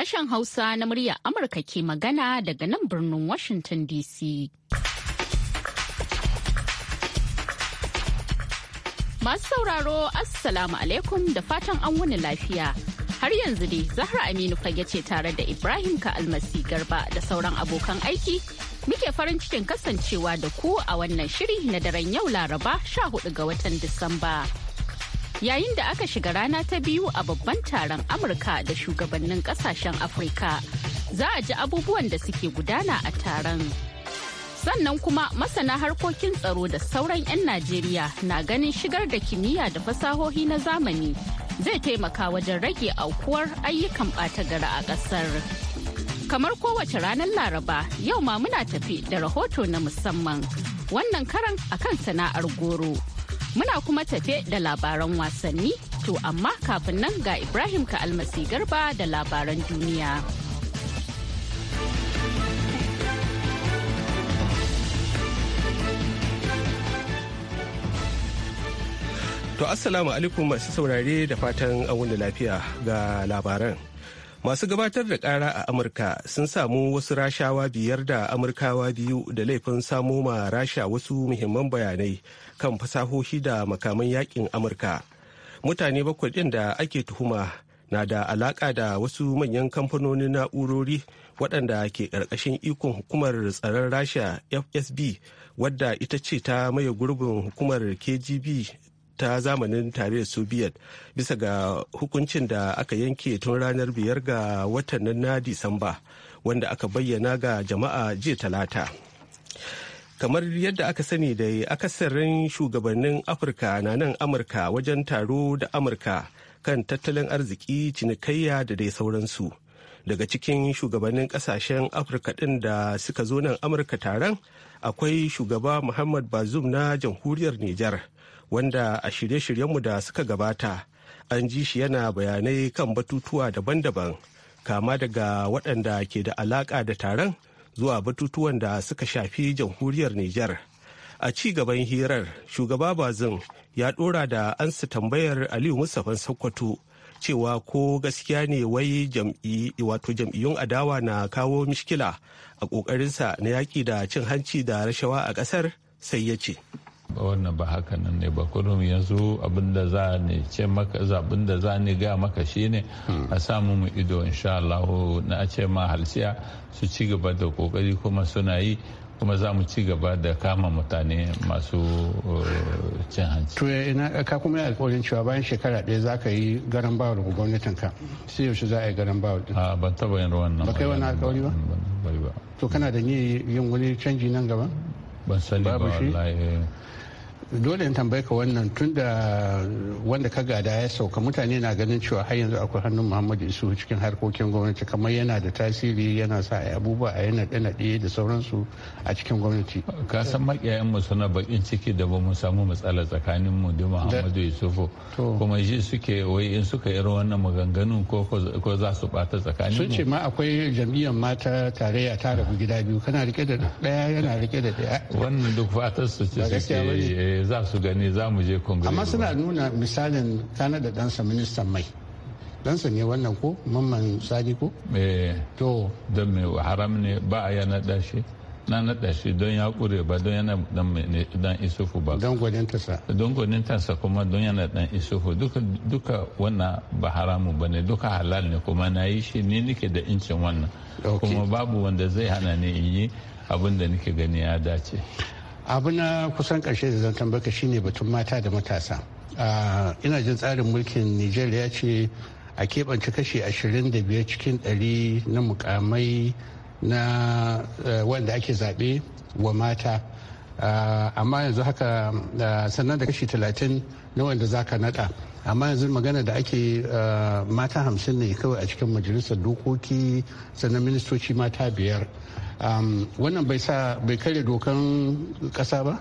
sashen Hausa na muryar Amurka ke magana daga nan birnin Washington DC. Masu sauraro, Assalamu alaikum da fatan an wuni lafiya. Har yanzu dai Zahra Aminu fage ce tare da Ibrahim ka Almasi Garba da sauran abokan aiki. Muke farin cikin kasancewa da ku a wannan shiri na daren yau Laraba 14 ga watan Disamba. yayin da aka shiga rana ta biyu a babban taron amurka da shugabannin kasashen afirka za a ji abubuwan da suke gudana a taron sannan kuma masana harkokin tsaro da sauran 'yan najeriya na ganin shigar da kimiyya da fasahohi na zamani zai taimaka wajen rage aukuwar ayyukan ɓata gara a ƙasar kamar kowace ranar laraba yau ma muna tafi da rahoto na musamman wannan karan akan sana'ar goro Muna kuma tafe da labaran wasanni, to amma kafin nan ga Ibrahim ka almasi garba da labaran duniya. To Assalamu alaikum masu saurare da fatan an lafiya ga labaran. masu gabatar da kara a amurka sun samu wasu rashawa biyar da amurkawa biyu da laifin samo ma rasha wasu muhimman bayanai kan fasahohi da makaman yakin amurka mutane bakwai ɗin da ake tuhuma na da alaƙa da wasu manyan kamfanonin na'urori waɗanda ke ƙarƙashin ikon hukumar tsaron rasha fsb wadda ita ce ta maye gurbin hukumar kgb ta zamanin tarayyar soviet bisa ga hukuncin da aka yanke tun ranar biyar ga watan nan na disamba wanda aka bayyana ga jama'a jiya talata kamar yadda aka sani da akasarin shugabannin afirka na nan amurka wajen taro da amurka kan tattalin arziki cinikayya da dai sauransu daga cikin shugabannin kasashen afirka ɗin da suka zo nan amurka taron akwai shugaba muhammad bazum na jamhuriyar nijar wanda a shirye-shiryenmu da suka gabata an ji shi yana bayanai kan batutuwa daban-daban kama daga waɗanda ke da alaƙa da taron zuwa batutuwan da suka shafi jamhuriyar Nijar. A ci gaban hirar shugaba bazin ya ɗora da ansa tambayar Aliyu Mustapha Sokoto cewa ko gaskiya ne wai jam'i wato jam'iyyun adawa na kawo mishkila a ƙoƙarinsa na yaƙi da cin hanci da rashawa a ƙasar sai ya ce. wannan ba haka nan ne ba kurum yanzu abinda za ne ce maka zabin da za ne ga maka shine a samu mu ido insha Allah na ce ma halsiya su ci gaba da kokari kuma suna yi kuma za mu ci gaba da kama mutane masu cin hanci. To ina ka kuma yi alkawarin cewa bayan shekara ɗaya za ka yi garan bawar ga gwamnatin ka sai yaushe za a yi garan bawar A ban taɓa yin nan Ba kai wani alkawari ba? ba. To kana da yin wani canji nan gaba? Ban sani ba wallahi. dole in tambaye ka wannan tun da wanda ka gada ya sauka mutane na ganin cewa har yanzu akwai hannun muhammadu isu cikin harkokin gwamnati kamar yana da tasiri yana sa a abubuwa a yana ɗanaɗe da sauransu a cikin gwamnati ka san makiyayen mu suna bakin ciki da ba mu samu matsala tsakanin mu da muhammadu isufu kuma shi suke wai in suka irin wannan maganganun ko ko za su bata tsakanin sun ce ma akwai jami'an mata tarayya ta rabu gida biyu kana rike da ɗaya yana rike da ɗaya wannan duk fatar su ce suke Eh, za su gani za mu je congress amma suna nuna misalin tana da ɗansa ministan mai ɗansa ne wannan ko mamman sadi ko eh, to don mai haram ne ba a yana ɗashi na naɗa shi don ya ƙure ba don yana dan isufu ba don tasa don tasa kuma don yana dan isufu duka wannan ba haramu ba ne duka halal ne kuma na yi shi ni nike da incin wannan kuma babu wanda zai hana ni in yi abin da nike gani ya dace abu na kusan karshe da zan tambaka shine batun mata da matasa ina jin tsarin mulkin nijar ce a keɓance kashi 25 cikin 100 na mukamai na eh, wanda ake zaɓe wa mata amma yanzu haka eh, sannan da kashi 30 na wanda za ka naɗa amma yanzu magana da ake uh, mata hamsin ne kawai a cikin majalisar dokoki sannan ministoci mata biyar um, wannan bai sa bai kare dokan kasa ba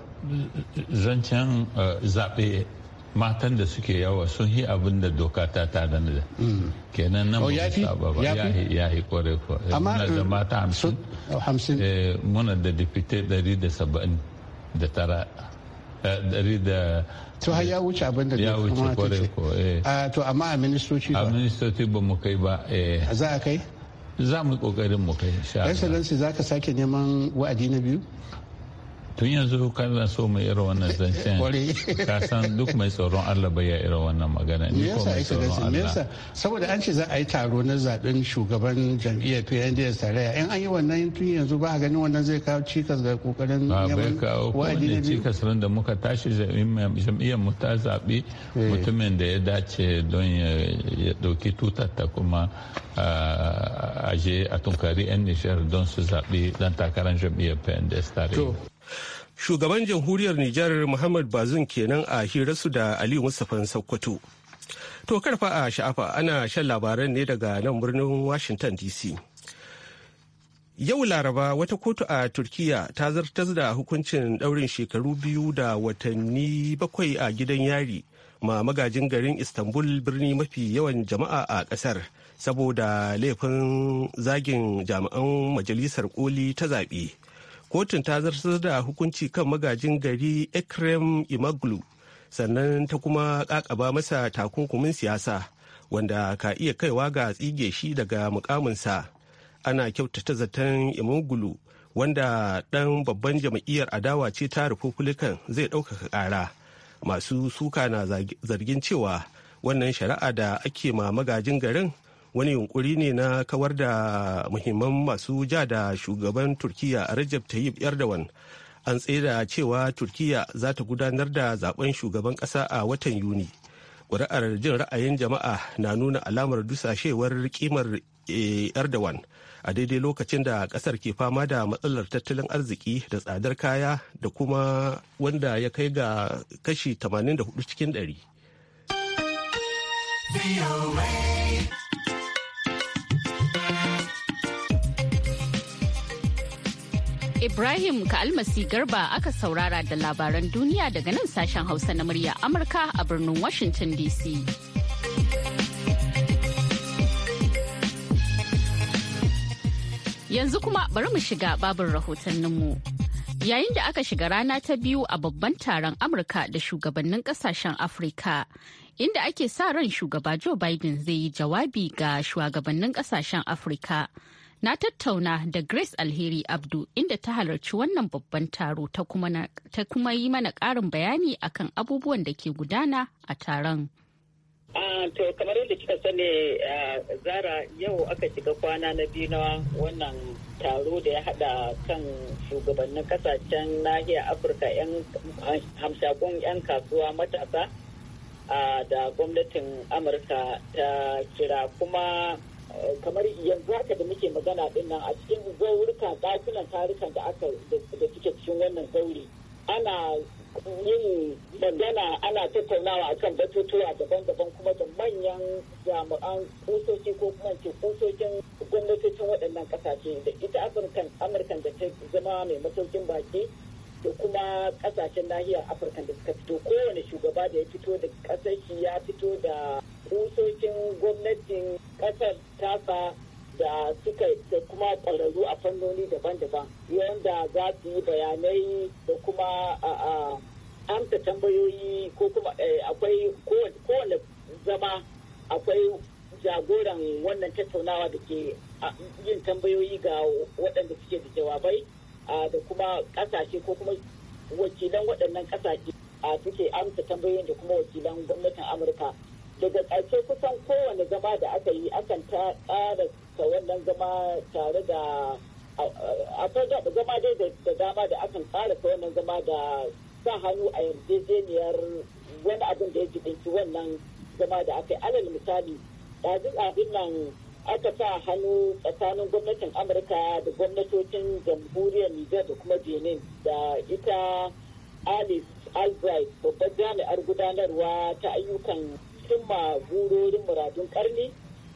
zancen uh, zaɓe matan da suke yawa sun yi abin da doka ta tada da mm. kenan nan oh, ba saba ba ya yi kware kuwa muna da uh, mata hamsin oh, eh, muna da dipite 179 Eh, da. to har ya wuce abin da ya wuce kwarai ko eh to amma a ministoci ba a ministoci ba mu kai ba eh za a kai za mu kokarin mu kai insha Allah excellency zaka sake neman wa'adi na biyu tun yanzu kana so mai irin wannan zancen ka san duk mai tsoron Allah bai ya irin wannan magana ni ko mai tsoron Allah saboda an ce za a yi taro na zaben shugaban jam'iyyar PNDS tarayya in an yi wannan tun yanzu ba ganin wannan zai kawo cikas ga kokarin yaman ne cikas da muka tashi jam'iyyar mu ta zabe eh. mutumin da ya dace don ya dauki tutar ta kuma a je a tunkari 'yan nishiyar don su zaɓi dan takarar jam'iyyar PNDS tarayya shugaban jamhuriyar nijar muhammad bazin kenan a hirarsu da aliyu mustapha sokoto to karfa a sha'afa ana shan labaran ne daga nan birnin washington dc yau laraba wata kotu a Turkiyya, ta zartas da hukuncin daurin shekaru biyu da watanni bakwai a gidan yari ma magajin garin istanbul birni mafi yawan jama'a a ƙasar saboda laifin zagin jami'an majalisar koli ta zaɓe kotun ta zartar da hukunci kan magajin gari ekrem imaglu sannan ta kuma kakaba masa takunkumin siyasa wanda ka iya kaiwa ga tsige shi daga mukaminsa ana kyautata zaton imaglu wanda ɗan babban jam'iyyar adawa ce ta republican zai ɗaukaka ƙara masu suka na zargin cewa wannan shari'a da ake ma magajin garin wani yunkuri ne na kawar da muhimman masu ja da shugaban turkiya rajab tayyip erdogan an tsaida cewa turkiya za ta gudanar da zaben shugaban kasa a watan yuni ƙuri'ar jin ra'ayin jama'a na nuna alamar dusashewar kimar eh, erdogan a daidai lokacin da kasar ke fama da matsalar tattalin arziki da tsadar kaya da kuma wanda ya kai ga kashi 84 cikin 100 Ibrahim ka almasi Garba aka saurara da labaran duniya daga nan sashen Hausa na murya Amurka a birnin Washington DC. Yanzu kuma bari mu shiga babin rahotanninmu. Yayin da aka shiga rana ta biyu a babban taron Amurka da shugabannin kasashen Afirka, inda ake sa ran shugaba Joe Biden zai yi jawabi ga shugabannin kasashen Afirka. na tattauna da Grace Alheri Abdu inda ta halarci wannan babban taro ta kuma yi mana karin bayani akan abubuwan da ke gudana a taron. to kamar yadda kika sani zara yau aka shiga kwana na biyu na wannan taro da ya hada kan shugabannin kasashen nahiyar afirka yan hamshakun yan kasuwa matasa da gwamnatin amurka ta kira kuma kamar yanzu haka da muke magana din nan a cikin zaurika ɗakunan tarukan da aka da suke cikin wannan zauri ana yin magana ana tattaunawa akan batutuwa daban-daban kuma da manyan jami'an kusoci ko kuma ke kusocin gwamnatocin waɗannan ƙasashe da ita afirkan amurkan da ta zama mai masaukin baki da kuma ƙasashen nahiyar afirkan da suka fito kowane shugaba da ya fito da ƙasashi ya fito da kusoshin gwamnatin kasar tasa da suka da kuma ƙwararru a fannoni daban-daban yadda za su yi bayanai da kuma amsa tambayoyi ko kuma eh, akwai kowane zama akwai jagoran wannan tattaunawa da ke yin tambayoyi ga waɗanda suke da jawabai da kuma ƙasashe ko kuma wakilan waɗannan ƙasashe suke amsa tambayoyin da kuma wakilan gwamnatin amurka daga ƙarshe kusan kowane zama da aka yi akan ta ƙara ta wannan zama tare da akwai zama dai da dama da akan ƙara ta wannan zama da sa hannu a yarjejeniyar wani abin da ya jibinci wannan zama da aka yi alal misali ɗazin abin nan aka sa hannu tsakanin gwamnatin amurka da gwamnatocin jamhuriyar nijar da kuma benin da ita alice albright babbar jami'ar gudanarwa ta ayyukan cimma burorin muradun karni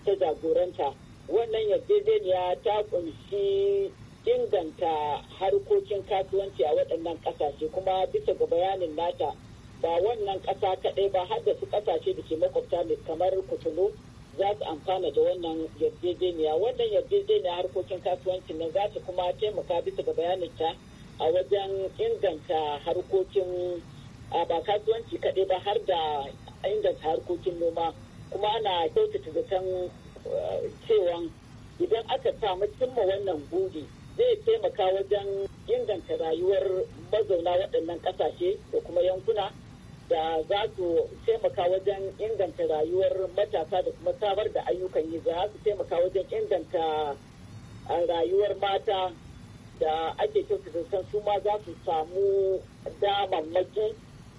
ta jagoranta wannan yarjejeniya ta kunshi inganta harkokin kasuwanci a waɗannan ƙasashe kuma bisa ga bayanin nata ba wannan ƙasa kaɗai ba har da su ƙasashe da ke makwabta mai kamar kutulu za su amfana da wannan yarjejeniya wannan yarjejeniya harkokin kasuwanci nan za su kuma taimaka bisa ga bayanin ta a wajen inganta harkokin ba kasuwanci kaɗai ba har da a inganta harkokin noma kuma ana kyautata zaton eh, cewa idan aka samu cimma wannan buri zai taimaka wajen inganta rayuwar mazauna waɗannan ƙasashe da kuma yankuna da za su taimaka wajen inganta rayuwar matasa da kuma samar da ayyukan yi za su taimaka wajen inganta eh, rayuwar mata da ake kyautata san su ma za su samu damammaki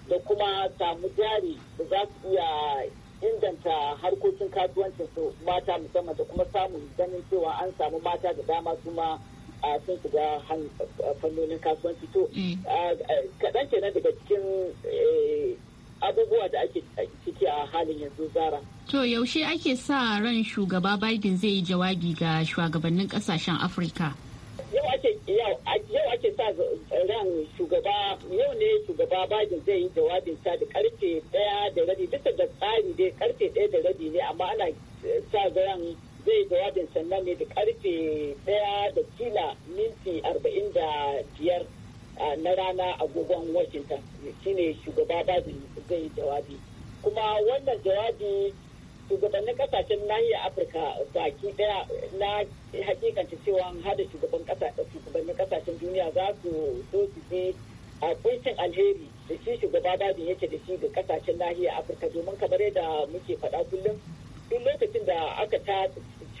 da kuma samu jari da za su iya inganta harkokin kasuwancin su mata musamman da kuma samun ganin cewa an samu mata da dama su ma sun shiga fannonin kasuwanci to mm. kaɗan kenan daga cikin eh, abubuwa da ake ciki a halin yanzu zara. To yaushe ake sa ran shugaba Biden zai yi jawabi ga shugabannin kasashen Afirka? yau ake yau ake sa ran shugaba yau ne shugaba Biden zai yi jawabin sa da karfe daya da rabi bisa da tsari dai karfe daya da rabi ne amma ana sa ran zai jawabin sannan ne da karfe daya da kila minti arba'in da biyar na rana agogon Washington shine shugaba Biden zai jawabi kuma wannan jawabi shugabannin kasashen nahiyar afirka baki daya na hakikanta cewa hada shugabannin kasashen duniya za su so su je a kuncin alheri da shi shugaba dadi yake da shi ga kasashen nahiyar afirka domin kamar yadda muke faɗa kullum duk lokacin da aka ta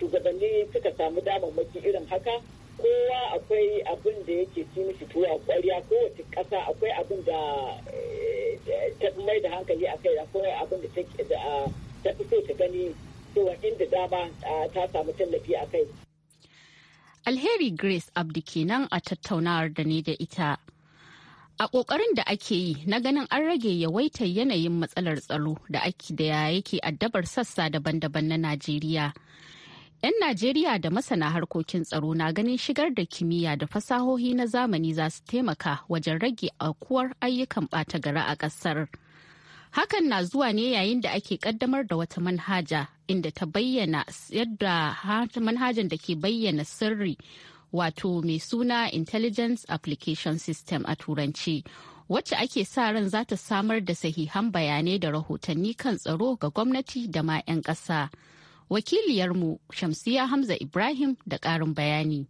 shugabanni suka samu damammaki irin haka kowa akwai abin da yake ci mishi tuwa kwarya kowace ƙasa akwai abin da eh, ta mai da hankali a kai akwai abin da ta fito ta gani cewa inda dama ta samu tallafi a kai. Alheri Grace Abdi kenan a tattaunawar da ni da ita. A ƙoƙarin da ake yi na ganin an rage yawaitar yanayin matsalar tsaro da ake da yake addabar sassa daban-daban na Najeriya. 'Yan Najeriya da masana harkokin tsaro na ganin shigar da kimiyya da fasahohi na zamani za su taimaka wajen rage aukuwar ayyukan ɓata gara a ƙasar. Hakan na zuwa ne yayin da ake kaddamar da wata manhaja inda ta bayyana yadda manhajan da ke bayyana sirri wato mai suna Intelligence Application System a Turanci. Wacce ake sa ran za ta samar da sahihan bayanai da rahotanni kan tsaro ga gwamnati da ma 'yan ƙasa. Wakiliyarmu Shamsiya Hamza Ibrahim da ƙarin bayani.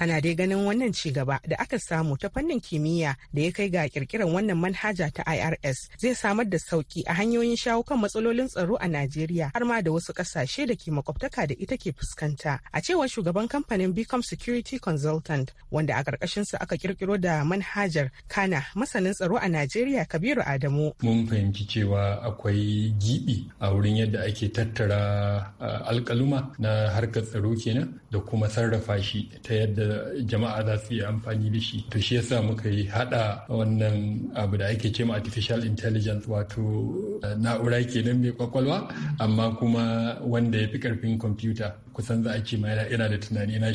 ana dai ganin wannan ci gaba da aka samu ta fannin kimiyya da ya kai ga kirkirar wannan manhaja ta irs zai samar da sauki a hanyoyin shawo kan matsalolin tsaro a najeriya har ma da wasu kasashe da ke makwabtaka da ita ke fuskanta a cewar shugaban kamfanin bcom security consultant wanda a su aka kirkiro da manhajar kana masanin tsaro a najeriya kabiru adamu mun fahimci cewa akwai gibi a wurin yadda ake tattara ah, alkaluma na harkar tsaro kenan da kuma sarrafa shi ta yadda jama'a za su yi amfani da shi to shi yasa muka yi hada wannan abu da ake ce artificial intelligence wato eh, na'ura kenan mai kwakwalwa amma kuma wanda ya fi karfin kwamfuta kusan za a ce ma yana da tunani na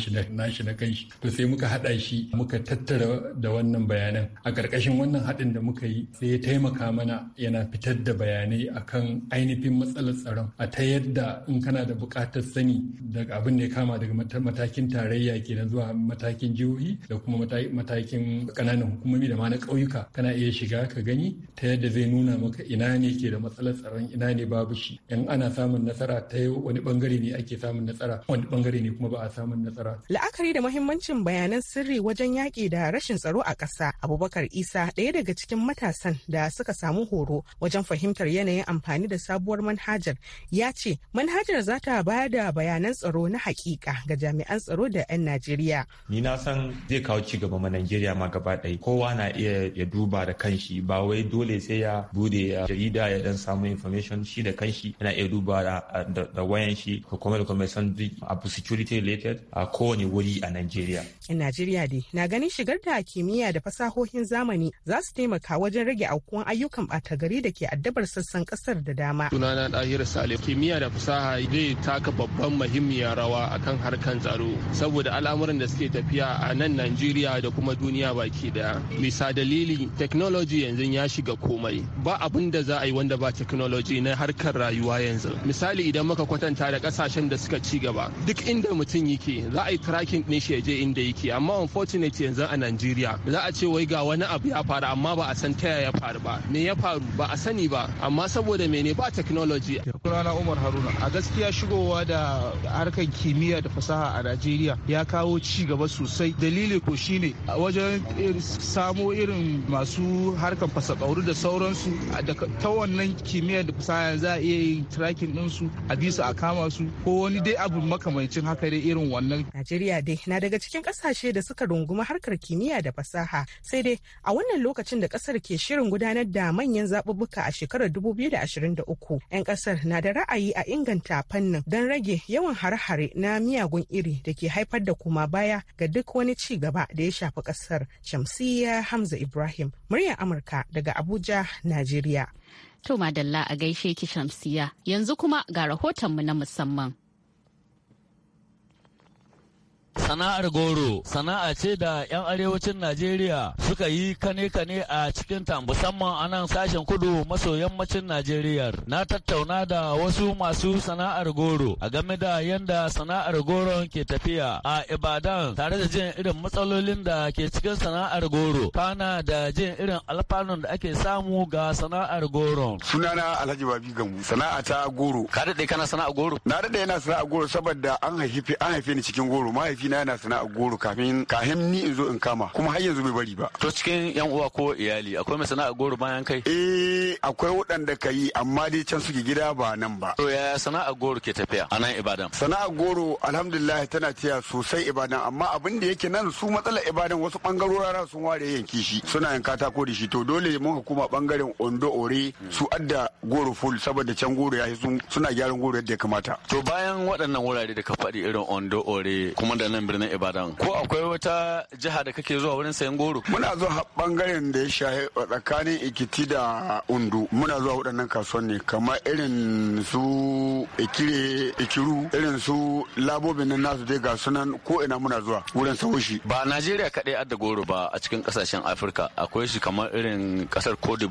shi na kanshi to sai muka hada shi muka tattara da wannan bayanan a karkashin wannan hadin da muka yi sai ya taimaka mana yana fitar da bayanai akan ainihin matsalar tsaron a ta yadda in kana da bukatar sani daga abin da ya kama daga matakin tarayya kenan zuwa matakin jihohi da kuma matakin kananan hukumomi da ma na ƙauyuka kana iya shiga ka gani ta yadda zai nuna maka ina ne ke da matsalar tsaron ina ne babu shi in ana samun nasara ta wani bangare ne ake samun nasara wani bangare ne kuma ba a samun nasara. La'akari da muhimmancin bayanan sirri wajen yaƙi da rashin tsaro a ƙasa Abubakar Isa ɗaya daga cikin matasan da suka samu horo wajen fahimtar yanayin amfani da sabuwar manhajar ya ce manhajar za ta bayar da bayanan tsaro na hakika ga jami'an tsaro da 'yan Najeriya ni na san zai kawo ci gaba ma Najeriya ma gaba ɗaya kowa na iya ya duba da kanshi ba wai dole sai ya bude ya jarida ya dan samu information shi da kanshi yana iya duba da wayan shi ko kuma da kuma san abu security related a kowane wuri a Najeriya. Najeriya dai na ganin shigar da kimiyya da fasahohin zamani za su taimaka wajen rage aukuwan ayyukan ɓata gari da ke addabar sassan kasar da dama. Sunana Dahir Salim kimiyya da fasaha zai taka babban muhimmiyar rawa akan harkan tsaro saboda al'amuran da suke tafiya a nan Najeriya da kuma duniya baki daya. misa dalili technology yanzu ya shiga komai. Ba abin da za a yi wanda ba technology na harkar rayuwa yanzu. Misali idan muka kwatanta da kasashen da suka ci gaba. Duk inda mutum yake za a yi tracking ɗin shi ya je inda yake amma unfortunately yanzu a Najeriya za a ce wai ga wani abu ya faru amma ba a san ta ya faru ba. Me ya faru ba a sani ba amma saboda mene ba technology. Kurana Umar Haruna a gaskiya shigowa da harkar kimiyya da fasaha a Najeriya ya kawo ci ci gaba sosai dalili ko shine wajen samo irin masu harkan fasakauru da sauransu ta wannan kimiyyar da fasaha za a iya yin tracking ɗinsu a bisa a kama su ko wani dai abu makamancin haka dai irin wannan. Najeriya dai na daga cikin kasashe da suka rungumi harkar kimiyya da fasaha sai dai a wannan lokacin da kasar ke shirin gudanar da manyan zaɓuɓɓuka a shekarar 2023 'yan kasar na da ra'ayi a inganta fannin don rage yawan hare-hare na miyagun iri da ke haifar da kuma baya baya ga duk wani ci gaba da ya shafi kasar shamsiya hamza ibrahim murya amurka daga abuja najeriya to madalla a gaishe ki shamsiya yanzu kuma ga rahotonmu na musamman sana'ar goro sana'a ce da 'yan arewacin najeriya suka yi kane-kane a cikin ta musamman a nan sashen kudu maso yammacin najeriya na tattauna da wasu masu sana'ar goro a game da yadda sana'ar goron ke tafiya a ibadan tare da jin irin matsalolin da ke cikin sana'ar goro kana da jin irin alfanun da ake samu ga sana'ar goron sunana alhaji babi gamu sana'a ta goro ka daɗe kana sana'a goro na daɗe yana sana'a goro saboda an haifi an haife ni cikin goro na? ina yana a goro kafin kahin ni in zo in kama kuma har yanzu bai bari ba to cikin yan uwa ko iyali akwai mai sana'a goro bayan kai eh akwai waɗanda ka amma dai can suke gida ba nan ba to yaya sana'a goro ke tafiya a nan ibadan sana'a goro alhamdulillah tana tiya sosai ibadan amma abin da yake nan su matsalar ibadan wasu bangarora sun ware yanki shi suna yin katako da shi to dole mun hukuma bangaren ondo ore su adda goro full saboda can goro ya suna gyaran goro yadda ya kamata to bayan waɗannan wurare da ka faɗi irin ondo ore kuma da nan birnin Ibadan. Ko akwai wata jiha da kake zuwa wurin sayan goro? Muna zuwa bangaren da ya a tsakanin Ikiti da Undu. Muna zuwa waɗannan ne kamar irin su Ikire Ikiru, irin su labobin nan nasu dai ga sunan ko ina muna zuwa wurin sawo Ba Najeriya kaɗai adda goro ba a cikin ƙasashen Afirka. Akwai shi kamar irin ƙasar Cote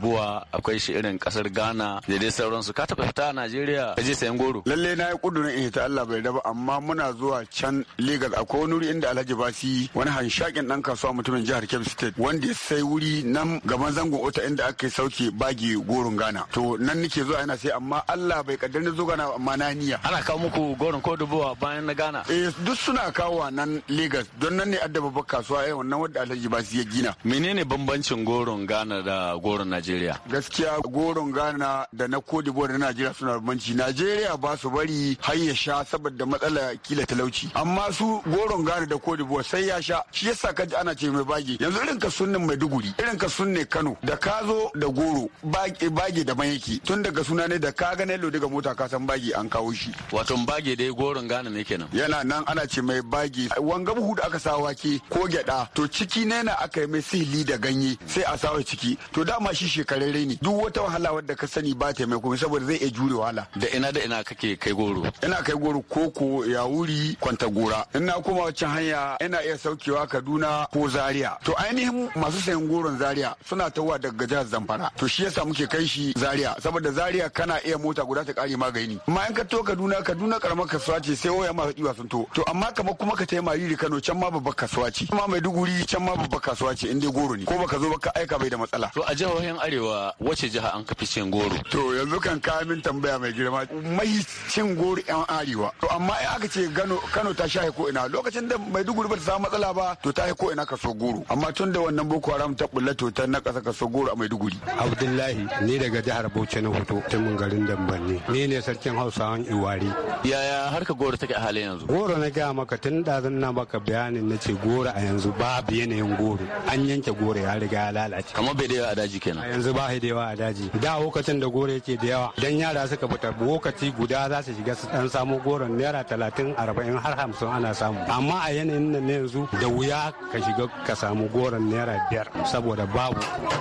akwai shi irin ƙasar Ghana da dai sauransu. Ka taɓa fita a Najeriya ka je sayan goro? Lallai na yi kudurin in ta Allah bai daba amma muna zuwa can Legas akwai wani wuri inda Alhaji Basi wani hanshakin dan kasuwa mutumin jihar Kebbi State wanda ya sai wuri nan gaban zangon ota inda aka sauke bagi gorun gana To nan nake zuwa yana sai amma Allah bai kaddar na zo Ghana amma na niya Ana kawo muku gorun ko dubuwa bayan na gana Eh duk suna kawo nan Lagos don nan ne adda babbar kasuwa eh wannan wanda Alhaji Basi ya gina. Menene bambancin gorun gana da gorun Najeriya? Gaskiya gorun gana da na Cote d'Ivoire na Najeriya suna bambanci. Najeriya ba su bari har ya sha saboda matsala kila talauci. Amma su goron ikon gane da kodi d'Ivoire sai ya sha shi yasa ka ji ana ce mai bagi yanzu irin ka sunnin Maiduguri irin ka sunne Kano da ka zo da goro bage da man yake tun daga suna ne da ka ga Nello daga mota ka san bagi an kawo shi wato bagi dai goron gane ne kenan yana nan ana ce mai bage. wanga buhu da aka sa wake ko gyada to ciki ne na aka yi mai sihili da ganye sai a sawa ciki to dama shi shekarare ne duk wata wahala wadda ka sani ba ta mai kuma saboda zai iya jure wahala da ina da ina kake kai goro ina kai goro koko ya wuri kwanta gora ina kuma wacce hanya yana iya saukewa kaduna ko zaria to ainihin masu sayan goron zaria suna tawa daga jihar zamfara to shi yasa muke kai shi zaria saboda zaria kana iya mota guda ta kare magani amma in ka to kaduna kaduna karamar kasuwa ce sai waya masu kiwa sun to to amma kamar kuma ka taimari mariri kano can ma babbar kasuwa ce kuma duguri can ma babbar kasuwa ce in dai goro ne ko baka zo baka aika bai da matsala to a jihohin arewa wace jiha an kafi cin goro to yanzu kan ka min tambaya mai girma mai cin goro yan arewa to amma ai aka ce kano ta sha ko ina lokacin da maiduguri ba ta samu matsala ba to ta yi ko ina kaso goro amma tun da wannan boko haram ta bulla to ta na kasa kaso goro a maiduguri abdullahi ni daga jihar bauchi na hoto ta mun garin dambanni ni ne sarkin hausa an iwari yaya harka goro take a halin yanzu goro na gaya maka tun da zan na maka bayanin na ce goro a yanzu babu yanayin goro an yanke goro ya riga ya lalace kamar bai da yawa a daji kenan yanzu ba da yawa a daji da lokacin da goro yake da yawa dan yara suka fita lokaci guda za su shiga su dan samu goron naira talatin arba'in har hamsin ana samu amma a yanayin nan ne yanzu da wuya ka shiga ka samu goron naira biyar saboda babu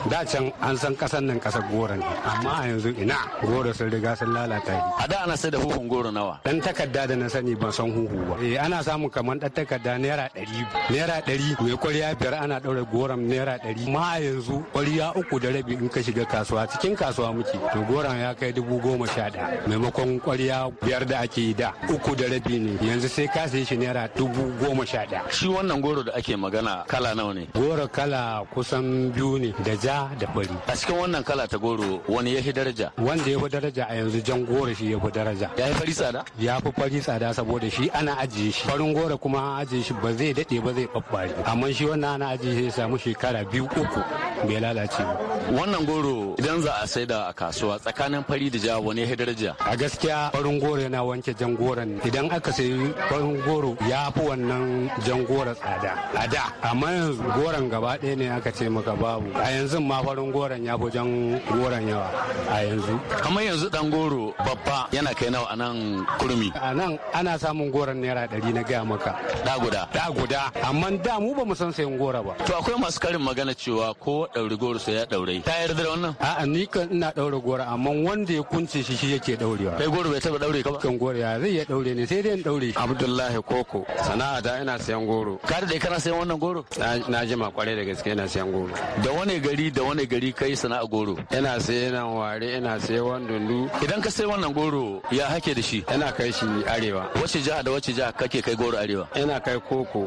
da can an san kasan nan kasar goron amma a yanzu ina goro sun riga sun lalata a da ana sai da hukun goro nawa dan takarda da na sani ban san huhu ba eh ana samun kamar dan takarda naira ɗari naira ɗari mai kwariya biyar ana ɗaura goron naira ɗari a yanzu kwarya uku da rabi in ka shiga kasuwa cikin kasuwa muke to goron ya kai dubu goma sha maimakon kwarya biyar da ake yi da uku da rabi ne yanzu sai ka sayi shi naira dubu goma sha ɗaya. Shi wannan goro da ake magana kala nawa ne? Goro kala kusan biyu ne da ja da fari. A cikin wannan kala ta goro wani ya fi daraja? Wanda ya fi daraja a yanzu jan goro shi ya fi daraja. Ya fi fari tsada? Ya fi fari tsada saboda shi ana ajiye shi. Farin goro kuma an ajiye shi ba zai daɗe ba zai ɓaɓɓare. Amma shi wannan ana ajiye shi ya samu shekara biyu uku bai lalace ba. Wannan goro idan za a saida a kasuwa tsakanin fari da ja wani ya fi daraja? A gaskiya farin goro yana wanke jan goron idan aka sayi farin goro ya fi wannan jan gora tsada a da amma yanzu goran gaba ɗaya ne aka ce maka babu a yanzu ma farin goran ya fi jan goran yawa a yanzu kuma yanzu dan goro babba yana kai nawa a nan kurmi a nan ana samun goran naira ɗari na gaya maka da guda da guda amma da mu ba mu san sayan gora ba to akwai masu karin magana cewa ko ɗauri goro sai ya ɗaure ta yarda da wannan a'a ni kan ina ɗaure goro amma wanda ya kunce shi shi yake ɗaurewa kai goro bai taɓa ɗaure ka ba kan goro ya zai ya ɗaure ne sai dai in ɗaure abdullahi koko sana sana'a ta ina siyan goro ka da kana siyan wannan goro na jima kwarai da gaske ina siyan goro da wani gari da wani gari kai sana'a goro ina siyan nan ware ina siyan dundu idan ka sai wannan goro ya hake da shi ina kai shi arewa wace jiha da wace jiha kake kai goro arewa ina kai koko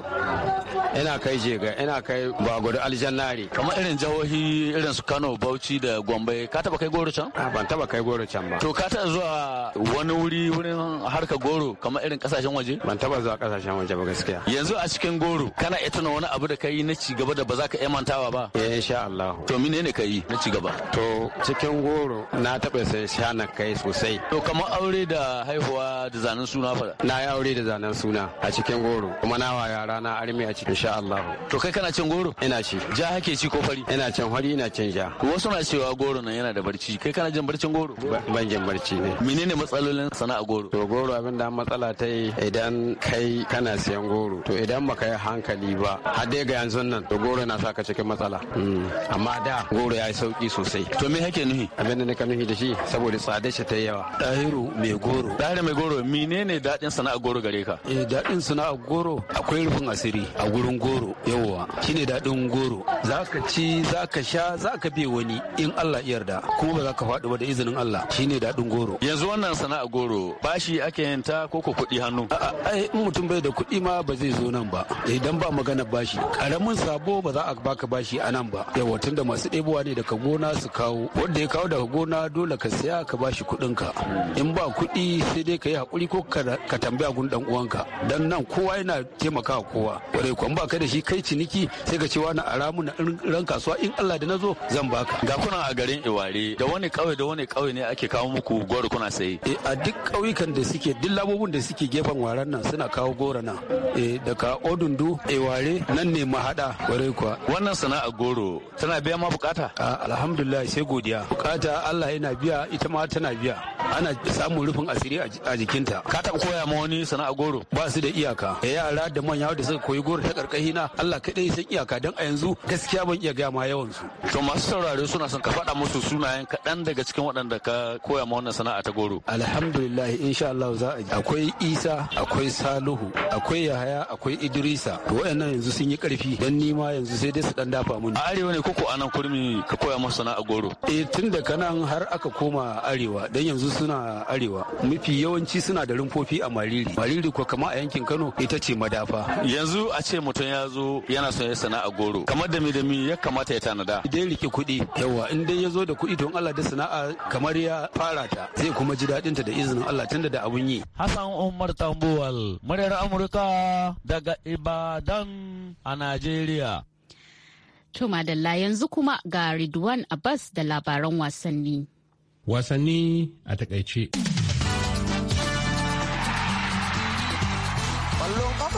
ina kai jega ina kai bagwado aljannari kamar irin jihohi irin su kano bauchi da gombe ka taba kai goro can ban taba kai goro can ba to ka taba zuwa wani wuri wurin harka goro kamar irin kasashen waje ban taba zuwa kasashen waje ba gaskiya yanzu a cikin goro kana ita na wani abu da kai na ci gaba da ba za ka iya mantawa ba eh insha Allah to mine ne kai na ci gaba to cikin goro na taɓa sai shana kai sosai to kamar aure da haihuwa da zanen suna fa na yi aure da zanen suna a cikin goro kuma na wa yara na armi a cikin insha Allah to kai kana cin goro ina ci ja hake ci ko fari ina cin fari ina cin ja wasu na cewa goro nan yana da barci kai kana jin barcin goro ban jin barci ne menene matsalolin sana'a goro to goro abin da matsala ta yi idan kai kana siya sayan goro to idan baka yi hankali ba har dai ga yanzu nan to goro na saka cikin matsala mm. amma da goro ya yi sauki sosai to me hake nuhi abin da nika nuhi da shi saboda tsada shi ta yawa dahiru mai goro dahiru mai goro menene dadin sana'ar goro gare ka eh dadin sana'ar goro akwai rufin asiri a gurin goro yawwa shine dadin goro zaka ci zaka sha zaka bi wani in Allah yarda kuma ba zaka ka faɗi ba da izinin Allah shine dadin goro yanzu wannan sana'ar goro bashi ake yin ta koko kuɗi hannu ai in mutum bai da kuɗi ma ba zai zo nan ba idan ba magana bashi karamin sabo ba za a baka bashi a nan ba yawa da masu ɗebowa ne daga gona su kawo wanda ya kawo daga gona dole ka saya ka bashi kuɗin ka in ba kuɗi sai dai ka yi hakuri ko ka tambaya gun dan uwanka dan nan kowa yana taimakawa kowa kwarai kwan ba ka da shi kai ciniki sai ka ce wani ara na ran kasuwa in Allah da nazo zan baka ga kuna a garin Iware da wani kauye da wani kauye ne ake kawo muku goro kuna sayi eh, a duk kauyukan da suke duk labobin da suke gefen waran nan suna kawo goro nan Eh, daga odundu eware nan ne hada kwarai kuwa wannan sana'a goro tana biya ma bukata alhamdulillah sai godiya bukata allah yana biya ita ma tana biya ana samun rufin asiri a jikinta ka taɓa koya ma wani sana'a goro ba su da iyaka yara da manya da suka koyi goro ta karkashi na allah kaɗai san iyaka don a yanzu gaskiya ban iya gaya ma yawan su to masu saurare suna son ka faɗa musu sunayen kaɗan daga cikin waɗanda ka koya ma wannan sana'a ta goro alhamdulillah insha allah za a akwai isa akwai saluhu akwai Yahaya akwai Idrisa to wayannan yanzu sun yi karfi dan nima yanzu sai dai su dan dafa mun a arewa ne koko anan kurmi ka koya musu sana'a goro eh tun da kanan har aka koma arewa dan yanzu suna arewa mafi yawanci suna da rumfofi a Mariri Mariri ko kama a yankin Kano ita ce madafa yanzu a ce mutum ya zo yana son ya sana'a goro kamar da me da me ya kamata ya tanada dai rike kuɗi yawa in dai ya zo da kuɗi don Allah da sana'a kamar ya fara ta zai kuma ji daɗinta da izinin Allah tunda da abun yi Hassan Umar Tambuwal muryar Amurka daga Ibadan a Najeriya. To Madalla yanzu kuma ga Ridwan Abbas da labaran wasanni. Wasanni a takaice.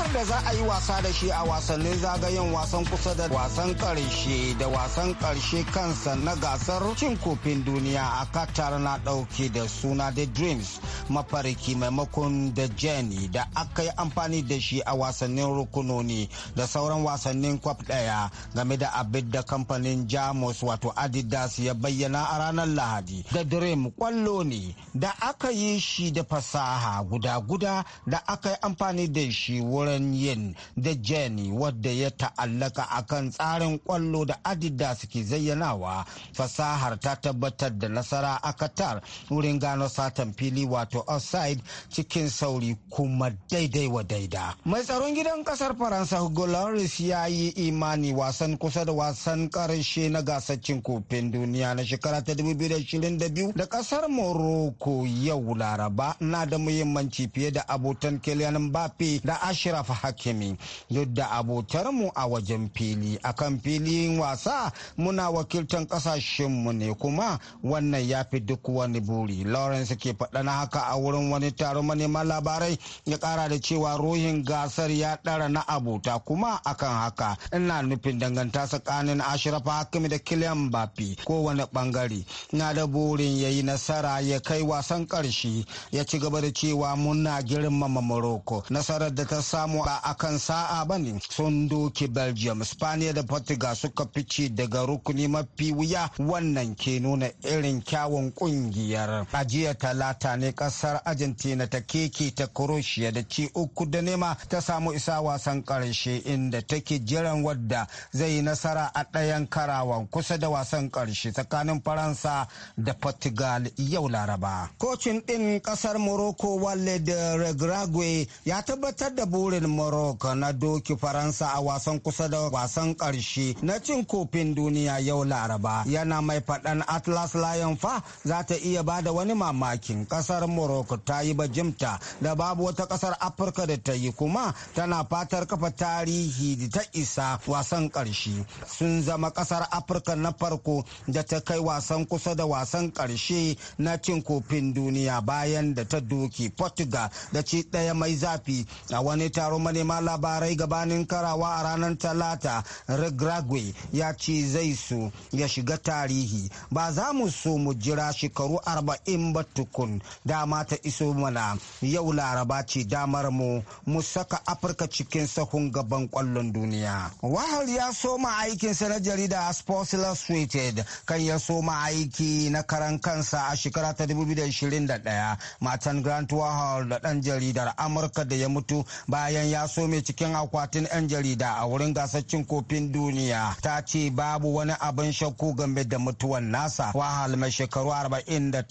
da za a yi wasa da shi a wasannin zagayen wasan kusa da wasan karshe da wasan karshe kansa na gasar cin kofin duniya a qatar na dauke da suna the dreams mafariki maimakon da jeni da aka yi amfani da shi a wasannin rukunoni da sauran wasannin kwaf daya game da abin da kamfanin jamus wato adidas ya bayyana a ranar lahadi da dream kwallo ne da aka yi shi da fasaha guda-guda da aka yi amfani da shi wurin yin da jeni wadda ya ta'allaka akan tsarin kwallo da adidas ke zayyanawa fasahar ta tabbatar da nasara a katar wurin gano satan fili wato wato offside cikin sauri kuma daidai wa daida. Mai tsaron gidan kasar Faransa Hugo Lloris ya yi imani wasan kusa da wasan karshe na gasar cin kofin duniya na shekara ta 2022 da kasar Morocco yau Laraba na da muhimmanci fiye da abotan Kylian Mbappe da Ashraf Hakimi. yadda da abotar mu a wajen fili akan filin wasa muna wakiltan kasashenmu ne kuma wannan ya fi duk wani buri. Lawrence ke faɗa na haka a wurin wani taron manema labarai ya kara da cewa ruhin gasar ya ɗara na abota kuma akan haka ina nufin danganta tsakanin ashraf hakimi da kilian bafi kowane bangare na da burin ya yi nasara ya kai wasan ƙarshe ya ci gaba da cewa muna girmama morocco nasarar da ta samu ba akan sa'a ba ne sun doki belgium spaniya da portugal suka fice daga rukuni mafi wuya wannan ke nuna irin kyawun kungiyar ajiya talata ne kasa. kasar argentina ta keke ta croatia da ci uku da nema ta samu isa wasan karshe inda take jiran wadda zai yi nasara a ɗayan karawan kusa da wasan karshe tsakanin faransa da portugal yau laraba kocin ɗin kasar morocco walid regrague ya tabbatar da burin morocco na doki faransa a wasan kusa da wasan karshe na cin kofin duniya yau laraba yana mai faɗan atlas lion fa za ta iya ba da wani mamakin kasar morocco ta yi bajimta da babu wata kasar afirka da ta yi kuma tana fatar kafa tarihi da ta isa wasan ƙarshe sun zama kasar afirka na farko da ta kai wasan kusa da wasan ƙarshe na cin kofin duniya bayan da ta doki portugal da ci ɗaya mai zafi a wani taron manema labarai gabanin karawa a ranar talata Regragui ya ce zai so ya shiga tarihi ba za mu so mu jira shekaru arba'in ba tukun da dama ta iso mana yau laraba ce damar mu mu saka afirka cikin sahun gaban kwallon duniya wahal ya soma aikinsa na jarida sports illustrated kan ya soma aiki na karan kansa a shekara ta 2021 matan grant wahal da dan jaridar amurka da ya mutu bayan ya some cikin akwatin 'yan jarida a wurin gasar cin kofin duniya ta ce babu wani abin shakku game da mutuwan nasa wahal mai shekaru 48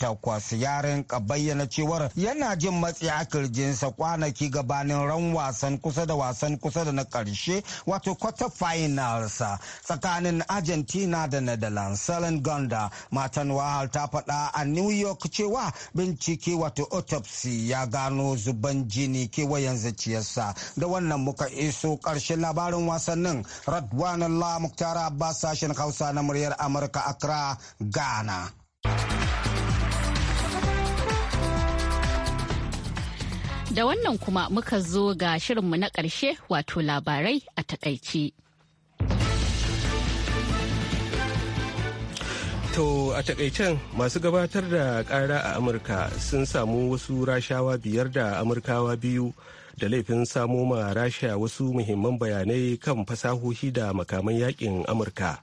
ya ka bayyana cewar yana jin matsi a kirjinsa kwanaki gabanin ran wasan kusa da wasan kusa da na karshe wato quarter finals tsakanin argentina da netherlands salon gonda matan wahal ta faɗa a new york cewa bincike wato autopsy ya gano zuban jini kewayen zuciyarsa da wannan muka iso ƙarshen labarin wasannin radwan allah muktar abbas sashen hausa na muryar amurka accra ghana Da wannan kuma muka zo ga shirinmu na ƙarshe wato labarai a takaici. To a takaicen masu gabatar da ƙara a Amurka sun samu wasu rashawa biyar da Amurkawa biyu da laifin samo ma rasha wasu muhimman bayanai kan fasahohi da makaman yakin Amurka.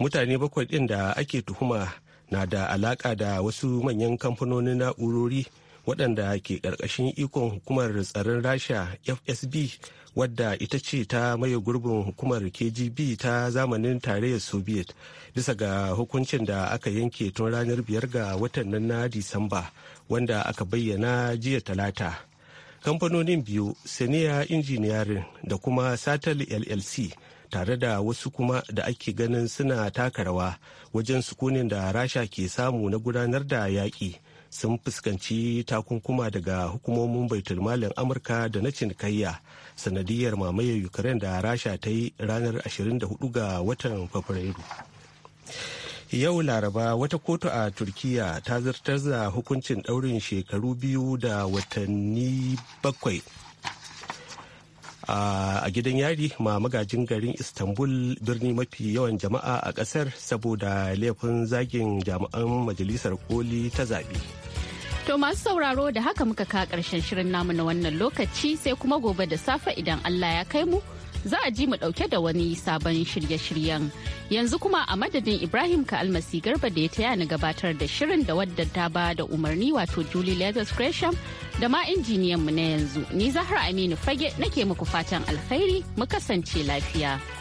Mutane bakwai ɗin da ake tuhuma na da alaƙa da wasu manyan kamfanonin na'urori waɗanda ke ƙarƙashin ikon hukumar tsaron rasha fsb wadda ita ce ta maye gurbin hukumar kgb ta zamanin tarayyar soviet bisa ga hukuncin da aka yanke tun ranar biyar ga watan nan na disamba wanda aka bayyana jiya talata kamfanonin biyu senior engineering da kuma satel llc tare da wasu kuma da ake ganin suna taka rawa wajen sukunin da rasha ke samu na gudanar da yaƙi sun fuskanci takunkuma daga hukumomin baitulmalin amurka da na cinikayya sanadiyar mamayar ukraine da rasha ta yi ranar 24 ga watan fabrairu yau laraba wata kotu a turkiya ta zartar da hukuncin daurin shekaru biyu da watanni bakwai a gidan yari ma magajin garin istanbul birni mafi yawan jama'a a kasar saboda laifin zagin jami'an majalisar koli ta zaɓe. To masu sauraro da haka muka ka karshen shirin namu na wannan lokaci sai kuma gobe da safe idan Allah ya kai mu za a ji mu ɗauke da wani sabon shirye-shiryen. Yanzu kuma a madadin Ibrahim ka almasi garba da ya taya ni gabatar da shirin da wadda ta ba da umarni wato Julie Lagos Gresham da ma injiniyan mu na yanzu. Ni Zahra Aminu Fage nake muku fatan alkhairi mu kasance lafiya.